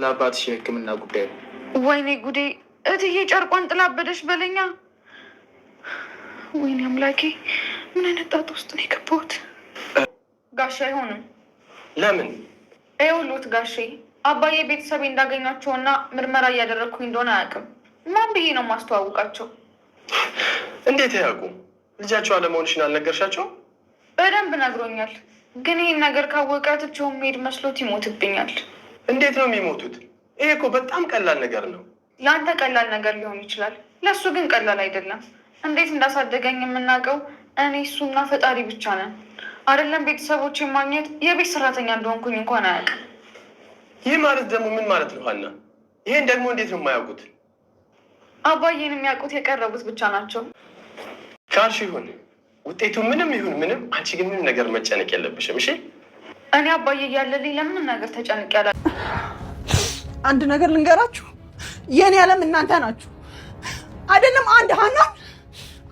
ለአባትሽ የሕክምና ጉዳይ ነው። ወይኔ ጉዴ! እትዬ ጨርቋን ጥላበደሽ በለኛ። ወይኔ አምላኬ! ምን አይነት ጣጣ ውስጥ ነው የገባሁት? ጋሼ አይሆንም። ለምን? ይኸውልዎት ጋሼ፣ አባዬ ቤተሰቤ እና ምርመራ እያደረግኩኝ እንደሆነ አያውቅም። ማን ብዬ ነው ማስተዋውቃቸው? እንዴት ያውቁ? ልጃቸው አለመሆንሽን አልነገርሻቸው? በደንብ ነግሮኛል፣ ግን ይህን ነገር ካወቀ ትቼው መሄድ መስሎት ይሞትብኛል። እንዴት ነው የሚሞቱት? ይሄ እኮ በጣም ቀላል ነገር ነው። ለአንተ ቀላል ነገር ሊሆን ይችላል፣ ለእሱ ግን ቀላል አይደለም። እንዴት እንዳሳደገኝ የምናውቀው እኔ እሱና ፈጣሪ ብቻ ነን። አይደለም ቤተሰቦች ማግኘት የቤት ሰራተኛ እንደሆንኩኝ እንኳን አያውቅም። ይህ ማለት ደግሞ ምን ማለት ነው ሀና? ይህን ደግሞ እንዴት ነው የማያውቁት? አባዬን የሚያውቁት የቀረቡት ብቻ ናቸው። ካልሽ ይሁን ውጤቱ ምንም ይሁን ምንም፣ አንቺ ግን ምንም ነገር መጨነቅ የለብሽም እሺ እኔ አባዬ እያለልኝ ለምንም ነገር ተጨንቅ ያላ አንድ ነገር ልንገራችሁ፣ የኔ ዓለም እናንተ ናችሁ። አይደለም አንድ ሀና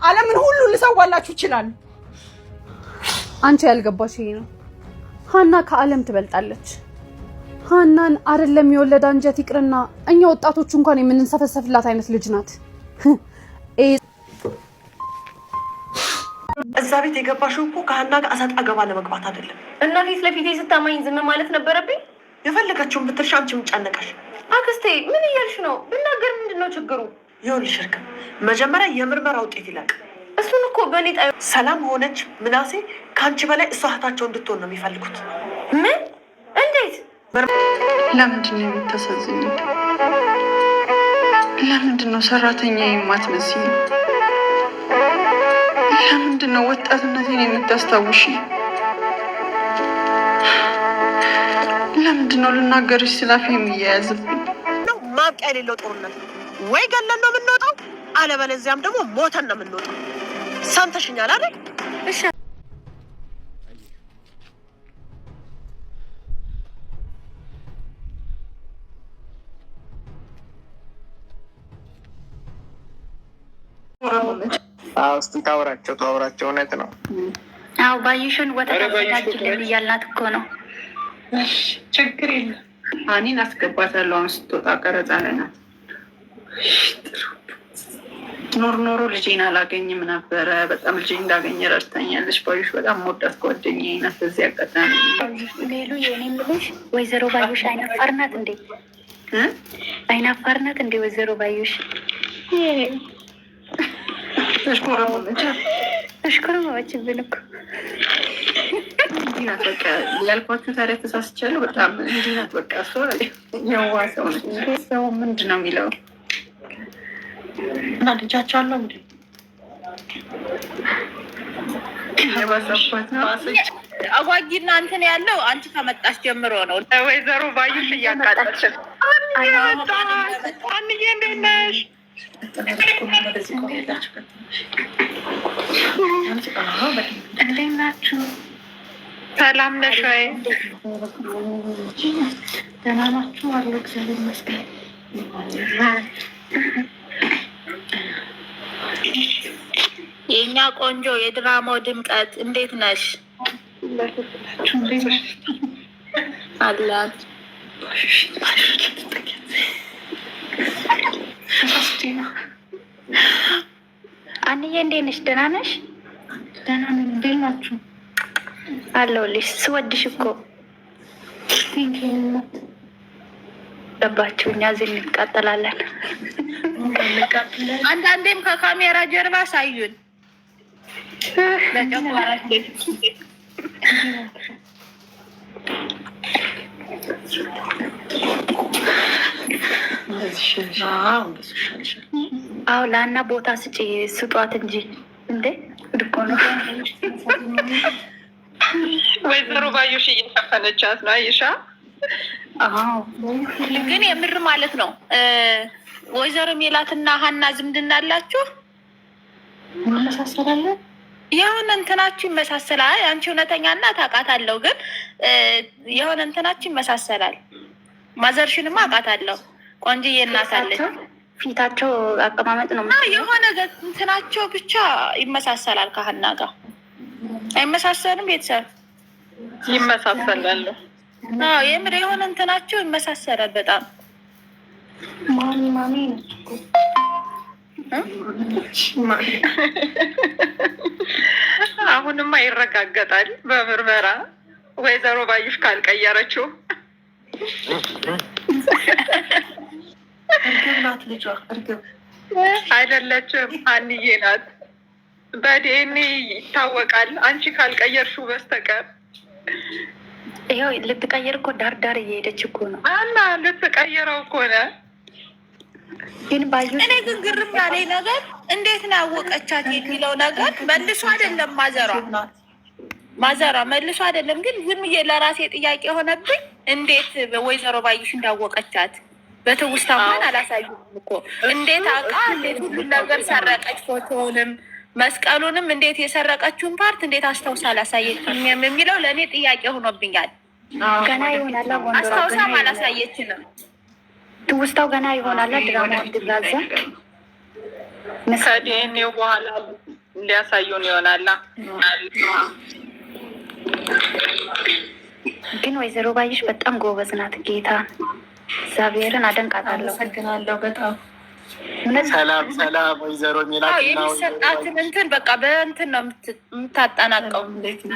ዓለምን ሁሉ ልሰዋላችሁ ይችላል። አንቺ ያልገባሽ ይሄ ነው። ሀና ከዓለም ትበልጣለች። ሀናን አይደለም የወለደ አንጀት ይቅርና እኛ ወጣቶቹ እንኳን የምንሰፈሰፍላት አይነት ልጅ ናት። እዛ ቤት የገባሽው እኮ ከሀና ጋር እሰጥ አገባ ለመግባት አይደለም። እና ፊት ለፊቴ ስታማኝ ዝም ማለት ነበረብኝ? የፈለገችውን ብትልሽ አንቺ ምን ጨነቀሽ? አክስቴ ምን እያልሽ ነው? ብናገር ምንድን ነው ችግሩ? ይኸውልሽ እርግም፣ መጀመሪያ የምርመራ ውጤት ይላቅ። እሱን እኮ በእኔ ሰላም ሆነች ምናሴ ከአንቺ በላይ እሷ እህታቸው እንድትሆን ነው የሚፈልጉት። ምን? እንዴት? ለምንድን ነው የምታሳዝኝ? ለምንድን ነው ሰራተኛ የማትመስል ለምንድን ነው ወጣትነቴን የምታስታውሽ? ለምንድን ነው ልናገርሽ ስላፊ የሚያያዝብኝ? ማብቂያ የሌለው ጦርነት ወይ ገለን ነው የምንወጣው፣ አለበለዚያም ደግሞ ሞተን ነው የምንወጣው። ሰምተሽኛል አይደል? እሺ እስቲ ታውራቸው ታውራቸው። እውነት ነው። አዎ ባዩሽን ወተት አዘጋጅልን እያልናት እኮ ነው። ችግር የለም አኒን አስገባታለሁ። አሁን ስትወጣ ቀረጻ ላይ ኖር ኖሮ ልጄን አላገኝም ነበረ። በጣም ልጄ እንዳገኘ ረድታኛለች። ባዩሽ በጣም መወዳት ጓደኛዬ ናት። በዚህ አጋጣሚ ሌሉ የኔ የምልሽ ወይዘሮ ባዩሽ አይናፋር ናት እንዴ? አይናፋር ናት እንዴ ወይዘሮ ባዩሽ? ተሽኮረመመችብን እኮ እንዲህ በቃ ያልኳችሁ። ታዲያ ተሳስቻለሁ በጣም በቃ። እሱ የዋ ሰው ነች። ሰው ምንድን ነው የሚለው እና ልጃቸው አለው እንዲ አጓጊና እንትን ያለው አንቺ ከመጣሽ ጀምሮ ነው። ወይዘሮ ባዩሽ እያቃጣችን አንዬ እንዴት ነሽ? እንዴት ናችሁ? ሰላም ነሽ ወይ? ደህና ናችሁ? አለሁ እግዚአብሔር ይመስገን። የእኛ ቆንጆ የድራማው ድምቀት እንዴት ነሽ? አላት አንዬ እንዴት ነሽ? ደህና ነሽ? ደህና ነኝ። እንዴት ናችሁ? አለሁልሽ። ስወድሽ እኮ ገባችሁ። እኛ እዚህ እንቃጠላለን። አንዳንዴም ከካሜራ ጀርባ ሳዩን አዎ ለአና ቦታ ስጭ ስጧት እንጂ እንዴ ድቆ ነው። ወይዘሮ ባዮሽ እየሸፈነቻት ነው። አይሻ ግን የምር ማለት ነው። ወይዘሮ ሜላትና ሀና ዝምድና አላችሁ? እንመሳሰላለን። የሆነ እንትናችሁ ይመሳሰላል። አንቺ እውነተኛ እና አለው ግን የሆነ እንትናችሁ ይመሳሰላል። ማዘርሽንማ አለው። ቆንጆ የእናታለች ፊታቸው አቀማመጥ ነው የሆነ እንትናቸው ብቻ ይመሳሰላል። ካህና ጋር አይመሳሰልም? ቤተሰብ ይመሳሰላሉ። የምር የሆነ እንትናቸው ይመሳሰላል በጣም ማሚ ማሚ አሁንማ ይረጋገጣል በምርመራ ወይዘሮ ባዩሽ ካልቀየረችው እርግብ ናት ልጇ። እርግብ አይደለችም፣ አንዬ ናት። በዲኤንኤ ይታወቃል፣ አንቺ ካልቀየርሽው በስተቀር ይኸው ልትቀየር እኮ ዳርዳር እየሄደች እኮ ነው እና ልትቀየረው እኮ ግን ባዩ እኔ ግን ግርም ያለኝ ነገር እንዴት ነው ያወቀቻት የሚለው ነገር መልሶ አይደለም ማዘሯ ማዘሯ መልሶ አይደለም። ግን ዝም ብዬ ለራሴ ጥያቄ የሆነብኝ እንዴት ወይዘሮ ባዩሽ እንዳወቀቻት በትውስታ እንኳን አላሳዩም እኮ እንዴት አውቃ እንዴት ሁሉን ነገር ሰረቀች። ፎቶውንም መስቀሉንም እንዴት የሰረቀችውን ፓርት እንዴት አስታውሳ አላሳየችም የሚለው ለእኔ ጥያቄ ሆኖብኛል። ገና ይሆናላ አስታውሳም አላሳየችንም። ትውስታው ገና ይሆናላ ድራማ እንድጋዛ ከዲኤንኤው በኋላ እንዲያሳዩን ይሆናላ። ግን ወይዘሮ ባይሽ በጣም ጎበዝ ናት ጌታ እግዚአብሔርን አደንቃታለሁ። አመሰግናለሁ በጣም ሰላም ሰላም። ወይዘሮ የሚሰጣትን እንትን በቃ በእንትን ነው የምታጠናቀው።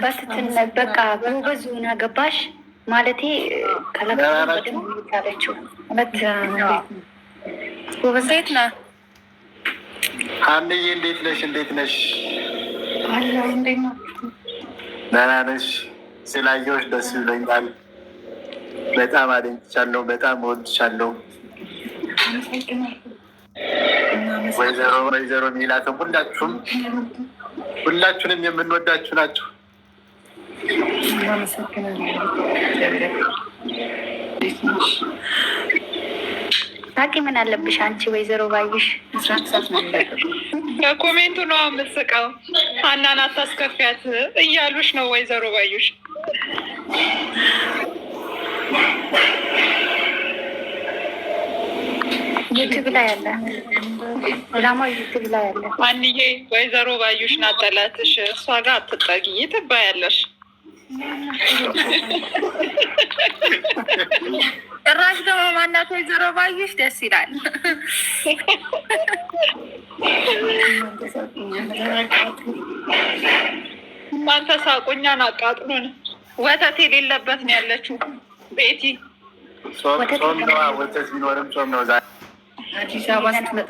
በትትነት በቃ ጎበዝ ሆና ገባሽ ማለቴ ከለለችው ጎበዝ ሴት ነህ። ሀንዬ እንዴት ነሽ? እንዴት ነሽ? ደህና ነሽ? ስላየሁሽ ደስ ይለኛል። በጣም አደንቻለሁ። በጣም ወድቻለሁ። ወይዘሮ ወይዘሮ ሚላትም ሁላችሁም ሁላችሁንም የምንወዳችሁ ናችሁ። ታቂ ምን አለብሽ አንቺ ወይዘሮ ባይሽ ኮሜንቱ ነው የምትስቀው። ሀናን አታስከፊያት እያሉሽ ነው ወይዘሮ ባዩሽ። ዩቲብ ላይ አለ ድራማ ዩቲብ ላይ አለ። አንዬ ወይዘሮ ባዩሽ ናት ጠላትሽ። እሷ ጋር አትጠጊ ትባያለሽ። ጭራሽ ደግሞ ማናት ወይዘሮ ባዩሽ ደስ ይላል። እናንተ ሳቁኛን አቃጥሉን። ወተት የሌለበት ነው ያለችው ቤቲ ወተት ቢኖርም ጾም ነው። አዲስ አበባ ስትመጣ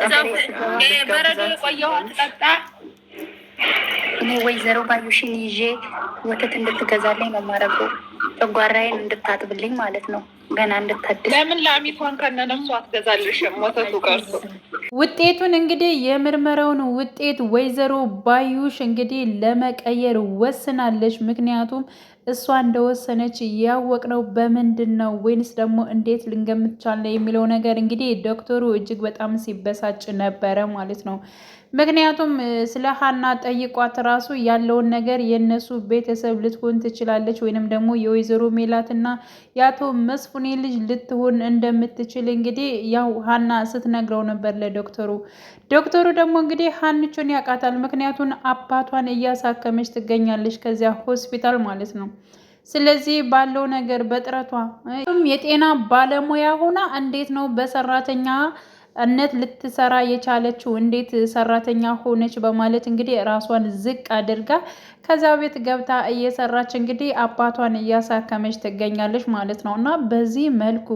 በረዶ የቆየው ጠጣ። እኔ ወይዘሮ ባዩሽን ይዤ ወተት እንድትገዛልኝ ነው የማደርገው። ጨጓራዬን እንድታጥብልኝ ማለት ነው። ገና እንድታድስ ለምን ላሚቷን ከነነሱ አትገዛልሽም? ወተቱ ቀርቶ ውጤቱን እንግዲህ የምርመራውን ውጤት ወይዘሮ ባዩሽ እንግዲህ ለመቀየር ወስናለች። ምክንያቱም እሷ እንደወሰነች ያወቅነው በምንድን ነው ወይንስ ደግሞ እንዴት ልንገምት የሚለው ነገር እንግዲህ ዶክተሩ እጅግ በጣም ሲበሳጭ ነበረ ማለት ነው። ምክንያቱም ስለ ሀና ጠይቋት ራሱ ያለውን ነገር የእነሱ ቤተሰብ ልትሆን ትችላለች ወይንም ደግሞ የወይዘሮ ሜላትና የአቶ መስፉኔ ልጅ ልትሆን እንደምትችል እንግዲህ ያው ሀና ስትነግረው ነበር ለዶክተሩ። ዶክተሩ ደግሞ እንግዲህ ሀንቹን ያውቃታል፣ ምክንያቱን አባቷን እያሳከመች ትገኛለች ከዚያ ሆስፒታል ማለት ነው። ስለዚህ ባለው ነገር በጥረቷ የጤና ባለሙያ ሆና እንዴት ነው በሰራተኛ እነት ልትሰራ የቻለችው እንዴት ሰራተኛ ሆነች በማለት እንግዲህ ራሷን ዝቅ አድርጋ ከዛ ቤት ገብታ እየሰራች እንግዲህ አባቷን እያሳከመች ትገኛለች ማለት ነው። እና በዚህ መልኩ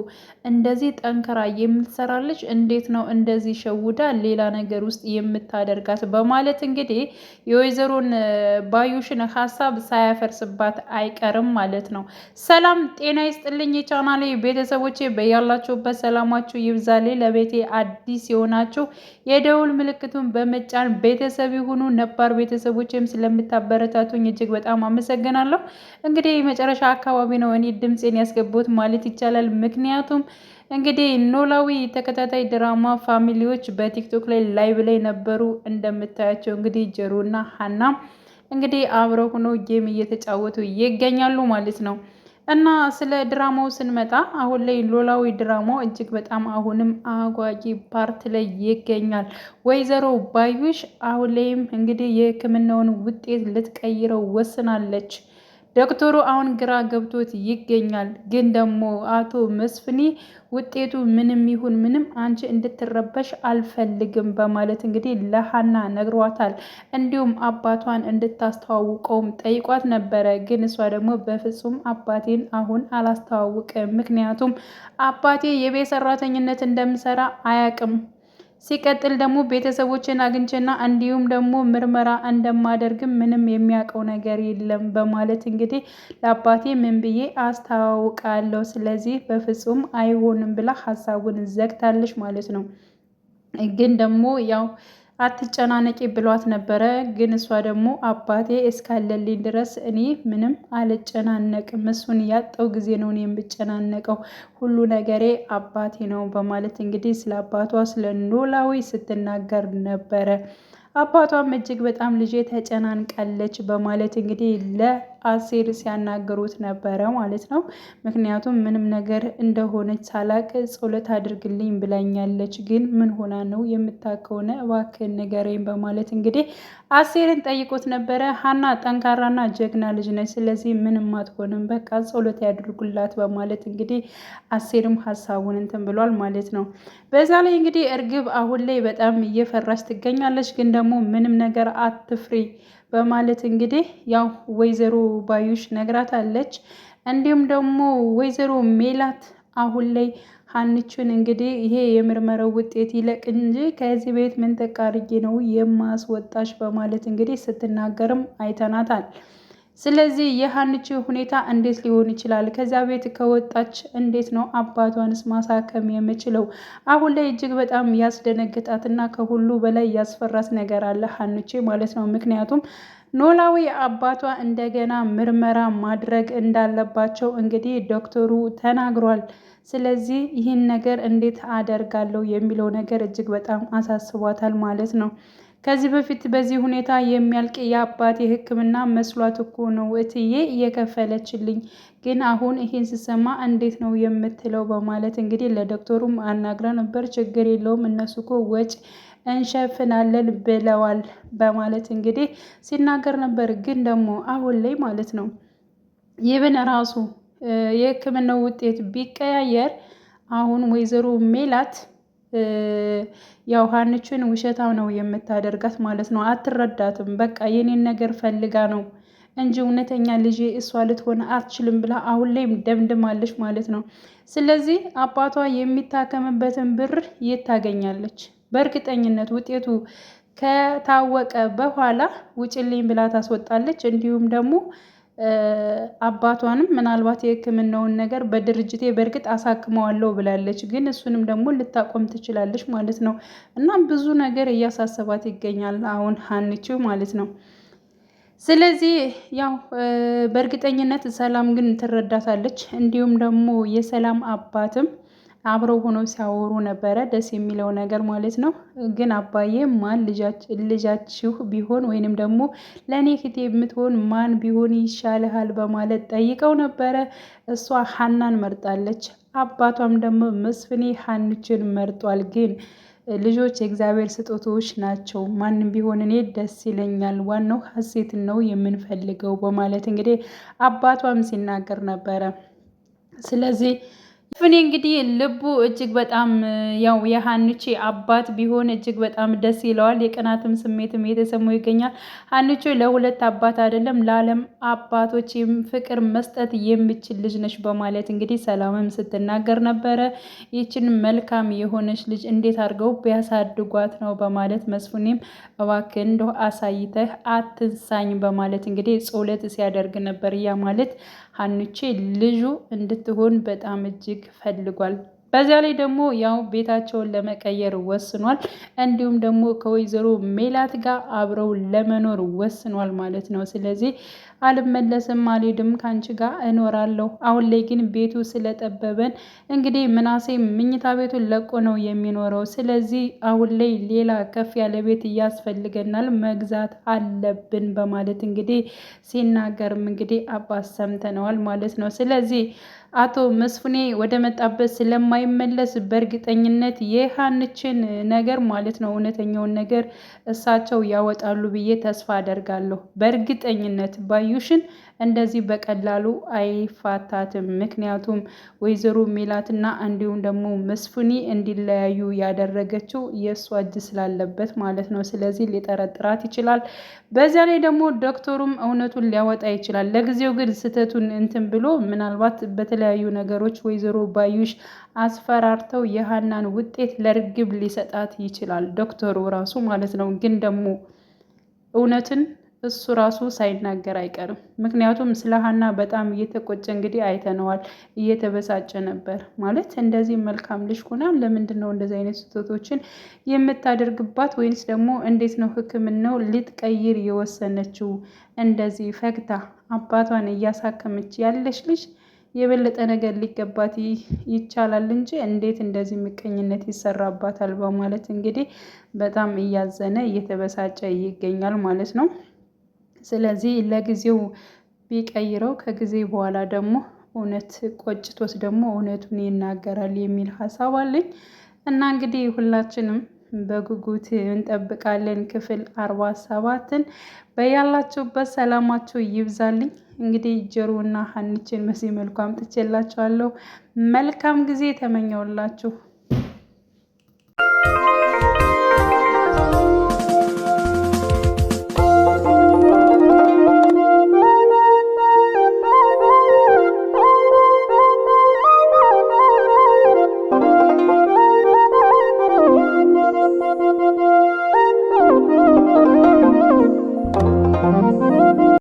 እንደዚህ ጠንክራ የምትሰራለች እንዴት ነው እንደዚህ ሸውዳ ሌላ ነገር ውስጥ የምታደርጋት በማለት እንግዲህ የወይዘሮን ባዩሽን ሀሳብ ሳያፈርስባት አይቀርም ማለት ነው። ሰላም ጤና ይስጥልኝ የቻናሌ ቤተሰቦቼ፣ በያላችሁበት ሰላማችሁ ይብዛሌ ለቤቴ አዲስ የሆናችሁ የደውል ምልክቱን በመጫን ቤተሰብ የሆኑ ነባር ቤተሰቦችም ስለምታበረታቱኝ እጅግ በጣም አመሰግናለሁ። እንግዲህ የመጨረሻ አካባቢ ነው እኔ ድምፄን ያስገቡት ማለት ይቻላል። ምክንያቱም እንግዲህ ኖላዊ ተከታታይ ድራማ ፋሚሊዎች በቲክቶክ ላይ ላይቭ ላይ ነበሩ። እንደምታያቸው እንግዲህ ጀሮና ሀና እንግዲህ አብረው ሆኖ ጌም እየተጫወቱ ይገኛሉ ማለት ነው። እና ስለ ድራማው ስንመጣ አሁን ላይ ኖላዊ ድራማው እጅግ በጣም አሁንም አጓጊ ፓርት ላይ ይገኛል። ወይዘሮ ባዩሽ አሁን ላይም እንግዲህ የሕክምናውን ውጤት ልትቀይረው ወስናለች። ዶክተሩ አሁን ግራ ገብቶት ይገኛል። ግን ደግሞ አቶ መስፍኔ ውጤቱ ምንም ይሁን ምንም አንቺ እንድትረበሽ አልፈልግም በማለት እንግዲህ ለሀና ነግሯታል። እንዲሁም አባቷን እንድታስተዋውቀውም ጠይቋት ነበረ። ግን እሷ ደግሞ በፍጹም አባቴን አሁን አላስተዋውቅም፣ ምክንያቱም አባቴ የቤት ሰራተኝነት እንደምሰራ አያውቅም ሲቀጥል ደግሞ ቤተሰቦችን አግኝቼና እንዲሁም ደግሞ ምርመራ እንደማደርግም ምንም የሚያውቀው ነገር የለም በማለት እንግዲህ ለአባቴ ምን ብዬ አስታውቃለሁ። ስለዚህ በፍጹም አይሆንም ብላ ሀሳቡን ዘግታለች ማለት ነው። ግን ደግሞ ያው አትጨናነቂ ብሏት ነበረ። ግን እሷ ደግሞ አባቴ እስካለልኝ ድረስ እኔ ምንም አልጨናነቅም፣ እሱን ያጣው ጊዜ ነው የምጨናነቀው፣ ሁሉ ነገሬ አባቴ ነው በማለት እንግዲህ ስለ አባቷ ስለ ኖላዊ ስትናገር ነበረ። አባቷም እጅግ በጣም ልጄ ተጨናንቃለች በማለት እንግዲህ ለ አሴር ሲያናገሩት ነበረ ማለት ነው። ምክንያቱም ምንም ነገር እንደሆነች ሳላቅ ጸሎት አድርግልኝ ብላኛለች፣ ግን ምን ሆና ነው የምታከውነ እባክህን ንገረኝ በማለት እንግዲህ አሴርን ጠይቆት ነበረ። ሀና ጠንካራና ጀግና ልጅ ነች፣ ስለዚህ ምንም አትሆንም፣ በቃ ጸሎት ያድርጉላት በማለት እንግዲህ አሴርም ሀሳቡን እንትን ብሏል ማለት ነው። በዛ ላይ እንግዲህ እርግብ አሁን ላይ በጣም እየፈራች ትገኛለች። ግን ደግሞ ምንም ነገር አትፍሪ በማለት እንግዲህ ያው ወይዘሮ ባዩሽ ነግራታለች። እንዲሁም ደግሞ ወይዘሮ ሜላት አሁን ላይ ሀንችን እንግዲህ ይሄ የምርመራው ውጤት ይለቅ እንጂ ከዚህ ቤት ምን ጠቃርጌ ነው የማስወጣሽ በማለት እንግዲህ ስትናገርም አይተናታል። ስለዚህ የሀንች ሁኔታ እንዴት ሊሆን ይችላል? ከዚያ ቤት ከወጣች እንዴት ነው አባቷንስ ማሳከም የምችለው? አሁን ላይ እጅግ በጣም ያስደነግጣትና ከሁሉ በላይ ያስፈራት ነገር አለ ሀንቼ ማለት ነው። ምክንያቱም ኖላዊ አባቷ እንደገና ምርመራ ማድረግ እንዳለባቸው እንግዲህ ዶክተሩ ተናግሯል። ስለዚህ ይህን ነገር እንዴት አደርጋለሁ የሚለው ነገር እጅግ በጣም አሳስቧታል ማለት ነው። ከዚህ በፊት በዚህ ሁኔታ የሚያልቅ የአባት የህክምና መስሏት እኮ ነው እትዬ እየከፈለችልኝ፣ ግን አሁን ይሄን ስሰማ እንዴት ነው የምትለው? በማለት እንግዲህ ለዶክተሩም አናግራ ነበር። ችግር የለውም እነሱ እኮ ወጪ እንሸፍናለን ብለዋል በማለት እንግዲህ ሲናገር ነበር። ግን ደግሞ አሁን ላይ ማለት ነው ይብን ራሱ የሕክምናው ውጤት ቢቀያየር አሁን ወይዘሮ ሜላት ያው ሀንቹን ነው የምታደርጋት ማለት ነው። አትረዳትም። በቃ የኔን ነገር ፈልጋ ነው እንጂ እውነተኛ ልጅ እሷ ልትሆን አትችልም ብላ አሁን ላይም ደምድማለች ማለት ነው። ስለዚህ አባቷ የሚታከምበትን ብር የት ታገኛለች? በእርግጠኝነት ውጤቱ ከታወቀ በኋላ ውጭልኝ ብላ ታስወጣለች። እንዲሁም ደግሞ አባቷንም ምናልባት የሕክምናውን ነገር በድርጅቴ በእርግጥ አሳክመዋለሁ ብላለች፣ ግን እሱንም ደግሞ ልታቆም ትችላለች ማለት ነው። እናም ብዙ ነገር እያሳሰባት ይገኛል አሁን ሀንችው ማለት ነው። ስለዚህ ያው በእርግጠኝነት ሰላም ግን ትረዳታለች። እንዲሁም ደግሞ የሰላም አባትም አብረው ሆነው ሲያወሩ ነበረ። ደስ የሚለው ነገር ማለት ነው። ግን አባዬ ማን ልጃችሁ ቢሆን ወይንም ደግሞ ለእኔ እህቴ የምትሆን ማን ቢሆን ይሻልሃል በማለት ጠይቀው ነበረ። እሷ ሀናን መርጣለች። አባቷም ደግሞ መስፍኔ ሀንችን መርጧል። ግን ልጆች የእግዚአብሔር ስጦቶች ናቸው። ማንም ቢሆን እኔ ደስ ይለኛል። ዋናው ሀሴት ነው የምንፈልገው በማለት እንግዲህ አባቷም ሲናገር ነበረ። ስለዚህ ፍኔ እንግዲህ ልቡ እጅግ በጣም ያው የሀንቼ አባት ቢሆን እጅግ በጣም ደስ ይለዋል። የቅናትም ስሜትም የተሰማው ይገኛል። ሀንቼ ለሁለት አባት አይደለም ለዓለም አባቶች ፍቅር መስጠት የምችል ልጅ ነች በማለት እንግዲህ ሰላምም ስትናገር ነበረ። ይችን መልካም የሆነች ልጅ እንዴት አድርገው ቢያሳድጓት ነው በማለት መስፍኔም እባክህ እንደው አሳይተህ አትንሳኝ በማለት እንግዲህ ጸሎት ሲያደርግ ነበር ያ ማለት ሀንቼ ልጁ እንድትሆን በጣም እጅግ ፈልጓል። በዚያ ላይ ደግሞ ያው ቤታቸውን ለመቀየር ወስኗል። እንዲሁም ደግሞ ከወይዘሮ ሜላት ጋር አብረው ለመኖር ወስኗል ማለት ነው። ስለዚህ አልመለስም፣ አልሄድም፣ ከአንቺ ጋር እኖራለሁ። አሁን ላይ ግን ቤቱ ስለጠበበን እንግዲህ ምናሴ ምኝታ ቤቱን ለቆ ነው የሚኖረው። ስለዚህ አሁን ላይ ሌላ ከፍ ያለ ቤት እያስፈልገናል፣ መግዛት አለብን በማለት እንግዲህ ሲናገርም እንግዲህ አባት ሰምተነዋል ማለት ነው። ስለዚህ አቶ መስፍኔ ወደ መጣበት ስለማይመለስ በእርግጠኝነት የሀንችን ነገር ማለት ነው እውነተኛውን ነገር እሳቸው ያወጣሉ ብዬ ተስፋ አደርጋለሁ። በእርግጠኝነት ባዩሽን እንደዚህ በቀላሉ አይፋታትም። ምክንያቱም ወይዘሮ ሜላትና እንዲሁም ደግሞ መስፍኒ እንዲለያዩ ያደረገችው የእሷ እጅ ስላለበት ማለት ነው። ስለዚህ ሊጠረጥራት ይችላል። በዚያ ላይ ደግሞ ዶክተሩም እውነቱን ሊያወጣ ይችላል። ለጊዜው ግን ስህተቱን እንትን ብሎ ምናልባት በተለያዩ ነገሮች ወይዘሮ ባዩሽ አስፈራርተው የሀናን ውጤት ለርግብ ሊሰጣት ይችላል ዶክተሩ ራሱ ማለት ነው። ግን ደግሞ እውነትን እሱ ራሱ ሳይናገር አይቀርም። ምክንያቱም ስለ ሀና በጣም እየተቆጨ እንግዲህ አይተነዋል፣ እየተበሳጨ ነበር። ማለት እንደዚህ መልካም ልጅ ሆና ለምንድን ነው እንደዚህ አይነት ስህተቶችን የምታደርግባት? ወይንስ ደግሞ እንዴት ነው ሕክምናው ልትቀይር የወሰነችው? እንደዚህ ፈግታ አባቷን እያሳከመች ያለች ልጅ የበለጠ ነገር ሊገባት ይቻላል እንጂ እንዴት እንደዚህ ምቀኝነት ይሰራባታል? በማለት እንግዲህ በጣም እያዘነ እየተበሳጨ ይገኛል ማለት ነው። ስለዚህ ለጊዜው ቢቀይረው ከጊዜ በኋላ ደግሞ እውነት ቆጭቶት ደግሞ እውነቱን ይናገራል የሚል ሀሳብ አለኝ እና እንግዲህ ሁላችንም በጉጉት እንጠብቃለን ክፍል አርባ ሰባትን በያላችሁበት ሰላማችሁ ይብዛልኝ። እንግዲህ ጀሮና ሀንችን መሲ መልኩ አምጥቼላችኋለሁ። መልካም ጊዜ ተመኘውላችሁ።